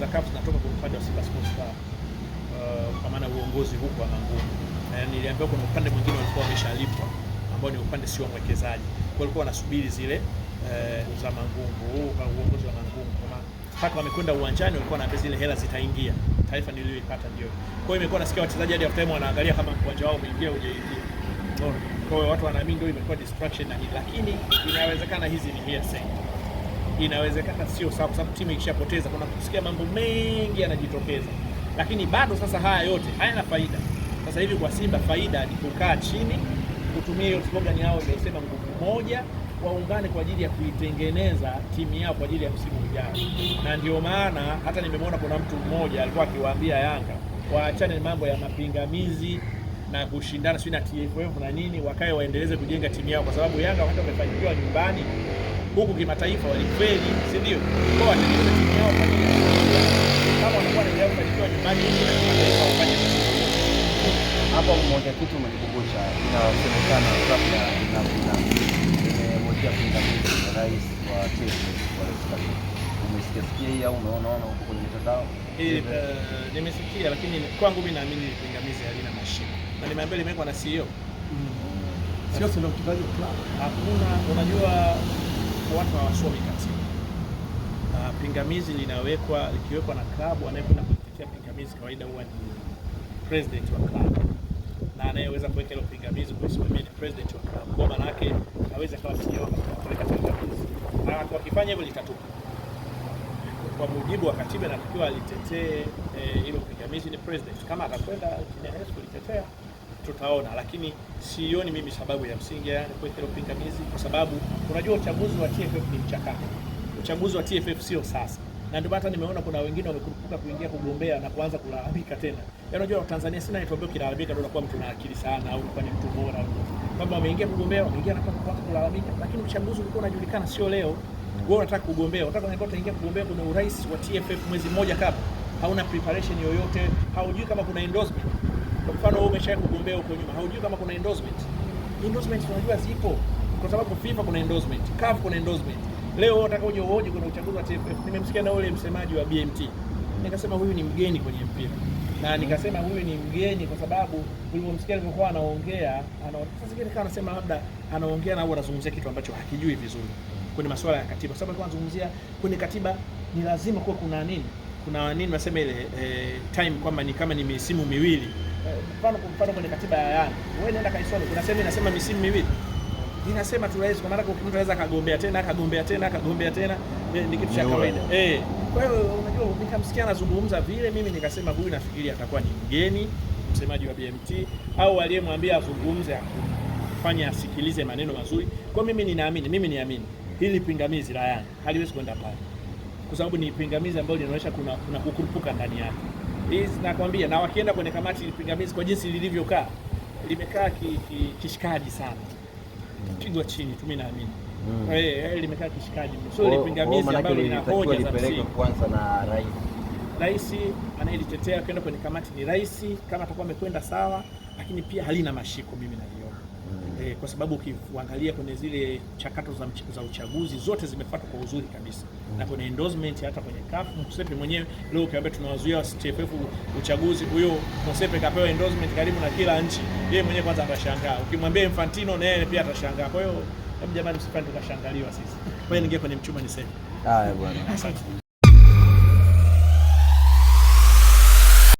za CAF zinatoka kwa upande wa Simba Sports Club uh, kwa maana uongozi huko wa Mangungu, na niliambiwa kuna upande mwingine walikuwa wameshalipwa ambao ni upande sio mwekezaji, kwa walikuwa wanasubiri zile uh, za Mangungu kwa uh, uongozi wa Mangungu, maana mpaka wamekwenda uwanjani walikuwa na zile hela zitaingia, taarifa niliyoipata ndio. Kwa hiyo imekuwa nasikia wachezaji hadi halftime wanaangalia kama uwanja wao umeingia hujaingia. Kwa hiyo watu wanaamini ndio imekuwa distraction na hii, lakini inawezekana hizi ni hearsay inawezekana sio sawa, kwa sababu timu ikishapoteza kuna kusikia mambo mengi yanajitokeza, lakini bado sasa haya yote hayana faida. Sasa hivi kwa Simba faida ni kukaa chini, kutumia hiyo slogan yao iliyosema nguvu moja, waungane kwa ajili ya kuitengeneza timu yao kwa ajili ya msimu ujao. Na ndio maana hata nimemwona kuna mtu mmoja alikuwa akiwaambia Yanga waachane mambo ya mapingamizi na kushindana sio na TFF na nini, wakae waendeleze kujenga timu yao, kwa sababu Yanga wakati wamefanikiwa nyumbani huku kimataifa walifeli, si ndio? Kwa watengeneza timu yao kwa ajili ya kama wanakuwa na jambo kufanikiwa nyumbani huku na kimataifa wafanye hapo. Mmoja kitu umenikumbusha, inasemekana kabla na kuna mmoja imemwekea pingamizi rais wa Chelsea wa Italy. Umesikia hii au umeona ona huko kwenye mitandao? Eh, eh, nimesikia, lakini kwangu mimi naamini pingamizi halina mashiko, na nimeambia limewekwa na CEO, mm. e sio sio mtendaji wa klabu. Hakuna unajua kwa watu hawasomi katiba. Uh, pingamizi linawekwa likiwekwa na klabu, anayekwenda kuitetea pingamizi kawaida huwa ni president wa klabu, na anayeweza kuweka hilo pingamizi kusimamia ni president wa klabu, kwa maana yake hawezi akawa CEO kuweka pingamizi, na wakifanya hivyo litatupa. Kwa mujibu wa katiba, natakiwa alitetee eh, hilo pingamizi ni president. Kama atakwenda chini ya kulitetea tutaona, lakini sioni mimi sababu ya msingi ya kuweka hilo pingamizi, kwa sababu unajua uchaguzi wa TFF ni mchakato. Uchaguzi wa TFF sio sasa, na ndio hata nimeona kuna wengine wamekurupuka kuingia kugombea na kuanza kulalamika tena. Yaani unajua Tanzania sina nitombeo kilalamika, ndio unakuwa mtu na akili sana au unakuwa ni mtu bora, kwamba wameingia kugombea, wameingia na kuanza kulalamika, lakini uchaguzi ulikuwa unajulikana, sio leo. Wewe unataka kugombea, unataka unaingia kugombea kwenye urais wa TFF mwezi mmoja kabla, hauna preparation yoyote, haujui kama kuna endorsement kwa mfano wewe umeshaye kugombea huko nyuma, haujui kama kuna endorsement. Endorsement unajua zipo kwa sababu FIFA kuna endorsement, CAF kuna endorsement. Leo wewe unataka uje uoje kuna uchaguzi wa TFF. Nimemsikia na yule msemaji wa BMT. Nikasema huyu ni mgeni kwenye mpira. Na nikasema huyu ni mgeni kwa sababu ulivyomsikia alivyokuwa anaongea, ana sasa kile kama anasema labda anaongea na au anazungumzia kitu ambacho hakijui vizuri kwenye masuala ya katiba. Sababu alikuwa anazungumzia kwenye katiba ni lazima kuwe kuna nini? kuna nini nasema ile e, time kwamba ni kama ni misimu miwili eh, mfano kwa mfano kwenye katiba ya Yanga wewe nenda kaisome, kuna sehemu inasema misimu miwili, inasema tu rais, kwa maana mtu anaweza kagombea tena akagombea tena akagombea tena, eh, ni kitu cha kawaida eh. Kwa hiyo unajua, nikamsikia anazungumza vile, mimi nikasema huyu nafikiri atakuwa ni mgeni msemaji wa BMT au aliyemwambia azungumze, afanye asikilize maneno mazuri. Kwa mimi ninaamini, mimi niamini hili pingamizi la Yanga haliwezi kwenda pale kwa sababu ni pingamizi ambayo linaonyesha kuna, kuna kukurupuka ndani yake. Hizi nakwambia, na wakienda kwenye kamati pingamizi kwa jinsi lilivyokaa limekaa kishikaji ki, sana kipigwa chini tu, mimi naamini hmm. eh, eh, limekaa kishikaji so ni pingamizi ambalo lina hoja za msingi kwanza na rais rais anayelitetea kwenda kwenye kamati ni rais, kama atakuwa amekwenda sawa, lakini pia halina mashiko, mimi naliona. Eh, mm. E, kwa sababu ukiangalia kwenye zile chakato za, za uchaguzi zote zimefuatwa kwa uzuri kabisa mm. na kwenye endorsement hata kwenye CAF Motsepe mwenyewe leo ukiambia tunawazuia TFF uchaguzi, huyo Motsepe kapewa endorsement karibu na kila nchi, yeye mwenyewe kwanza atashangaa. Ukimwambia Infantino na yeye pia atashangaa. Kwa hiyo hebu jamani, msifanye tukashangaliwa sisi. Kwa hiyo ningia kwenye mchuma niseme haya bwana. Asante.